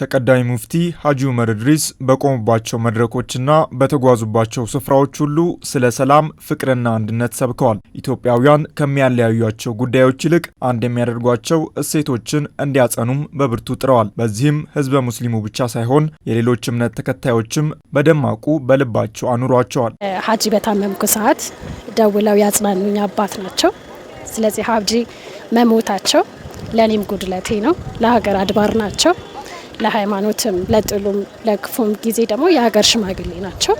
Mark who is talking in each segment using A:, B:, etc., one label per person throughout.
A: ተቀዳሚ ሙፍቲ ሀጂ ዑመር እድሪስ በቆሙባቸው መድረኮችና በተጓዙባቸው ስፍራዎች ሁሉ ስለ ሰላም ፍቅርና አንድነት ሰብከዋል። ኢትዮጵያውያን ከሚያለያዩቸው ጉዳዮች ይልቅ አንድ የሚያደርጓቸው እሴቶችን እንዲያጸኑም በብርቱ ጥረዋል። በዚህም ህዝበ ሙስሊሙ ብቻ ሳይሆን የሌሎች እምነት ተከታዮችም በደማቁ በልባቸው አኑሯቸዋል።
B: ሀጂ በታመምኩ ሰዓት ደውለው ያጽናኑኝ አባት ናቸው። ስለዚህ ሀጂ መሞታቸው ለእኔም ጉድለቴ ነው። ለሀገር አድባር ናቸው። ለሃይማኖትም፣ ለጥሉም ለክፉም ጊዜ ደግሞ የሀገር ሽማግሌ ናቸው።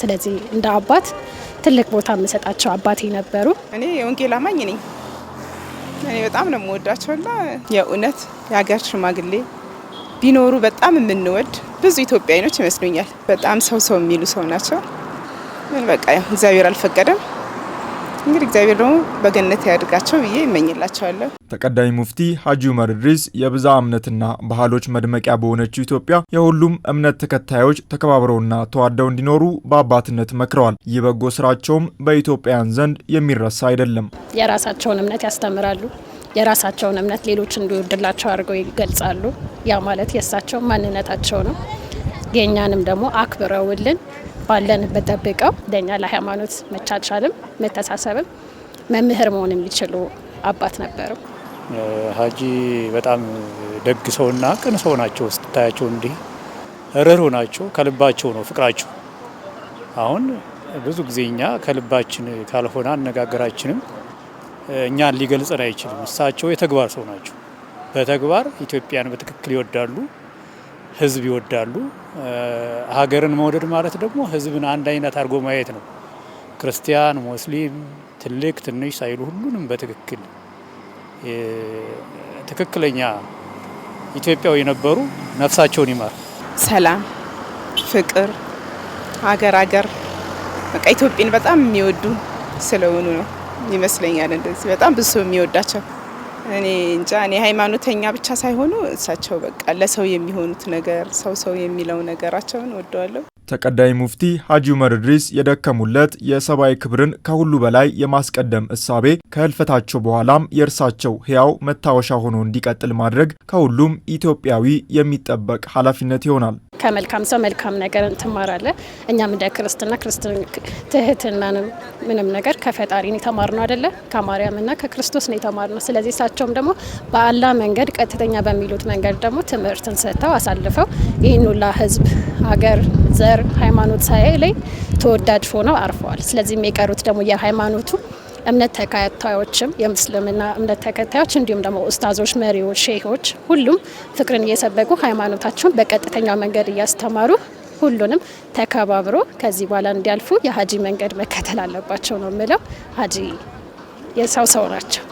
B: ስለዚህ እንደ አባት ትልቅ ቦታ የምሰጣቸው አባቴ ነበሩ።
C: እኔ የወንጌል አማኝ ነኝ። እኔ በጣም ነው የምወዳቸውና የእውነት የሀገር ሽማግሌ ቢኖሩ በጣም የምንወድ ብዙ ኢትዮጵያዊኖች ይመስሉኛል። በጣም ሰው ሰው የሚሉ ሰው ናቸው። ምን በቃ እግዚአብሔር አልፈቀደም እንግዲህ እግዚአብሔር ደግሞ በገነት ያድርጋቸው ብዬ ይመኝላቸዋለሁ።
A: ተቀዳሚ ሙፍቲ ሀጂ ዑመር ኢድሪስ የብዛ እምነትና ባህሎች መድመቂያ በሆነችው ኢትዮጵያ የሁሉም እምነት ተከታዮች ተከባብረውና ተዋደው እንዲኖሩ በአባትነት መክረዋል። ይህ በጎ ስራቸውም በኢትዮጵያውያን ዘንድ የሚረሳ አይደለም።
B: የራሳቸውን እምነት ያስተምራሉ። የራሳቸውን እምነት ሌሎች እንዲወድላቸው አድርገው ይገልጻሉ። ያ ማለት የእሳቸው ማንነታቸው ነው። የእኛንም ደግሞ አክብረውልን ባለንበት ጠብቀው ለእኛ ለሃይማኖት መቻቻልም መተሳሰብም መምህር መሆን የሚችሉ አባት ነበሩ።
D: ሀጂ በጣም ደግ ሰውና ቅን ሰው ናቸው። ስታያቸው እንዲህ ርህሩህ ናቸው። ከልባቸው ነው ፍቅራቸው። አሁን ብዙ ጊዜ እኛ ከልባችን ካልሆነ አነጋገራችንም እኛን ሊገልጸን አይችልም። እሳቸው የተግባር ሰው ናቸው። በተግባር ኢትዮጵያን በትክክል ይወዳሉ። ህዝብ ይወዳሉ። ሀገርን መውደድ ማለት ደግሞ ህዝብን አንድ አይነት አድርጎ ማየት ነው። ክርስቲያን፣ ሙስሊም፣ ትልቅ ትንሽ ሳይሉ ሁሉንም በትክክል ትክክለኛ ኢትዮጵያው የነበሩ ነፍሳቸውን ይማር።
C: ሰላም፣ ፍቅር፣ ሀገር ሀገር በቃ ኢትዮጵያን በጣም የሚወዱ ስለሆኑ ነው ይመስለኛል። እንደዚህ በጣም ብዙ ሰው የሚወዳቸው እኔ እንጃ እኔ ሃይማኖተኛ ብቻ ሳይሆኑ እሳቸው በቃ ለሰው የሚሆኑት ነገር ሰው ሰው የሚለው ነገራቸውን ወደዋለሁ
A: ተቀዳሚ ሙፍቲ ሐጂ ዑመር እድሪስ የደከሙለት የሰብአዊ ክብርን ከሁሉ በላይ የማስቀደም እሳቤ ከህልፈታቸው በኋላም የእርሳቸው ሕያው መታወሻ ሆኖ እንዲቀጥል ማድረግ ከሁሉም ኢትዮጵያዊ የሚጠበቅ ኃላፊነት ይሆናል።
B: ከመልካም ሰው መልካም ነገር እንትማራለን። እኛም እንደ ክርስትና ትህትናን ምንም ነገር ከፈጣሪን የተማርነው አይደለ ከማርያምና ከክርስቶስ ነው የተማርነው። ስለዚህ እሳቸውም ደግሞ በአላ መንገድ ቀጥተኛ በሚሉት መንገድ ደግሞ ትምህርትን ሰጥተው አሳልፈው ይህን ሁላ ህዝብ፣ ሀገር፣ ዘር፣ ሃይማኖት ሳይለይ ተወዳጅ ሆነው አርፈዋል። ስለዚህም የቀሩት ደግሞ የሃይማኖቱ እምነት ተከታዮችም የምስልምና እምነት ተከታዮች እንዲሁም ደግሞ ኡስታዞች፣ መሪዎች፣ ሼሆች ሁሉም ፍቅርን እየሰበኩ ሃይማኖታቸውን በቀጥተኛ መንገድ እያስተማሩ ሁሉንም ተከባብሮ ከዚህ በኋላ እንዲያልፉ የሀጂ መንገድ መከተል አለባቸው ነው የምለው። ሀጂ የሰው ሰው ናቸው።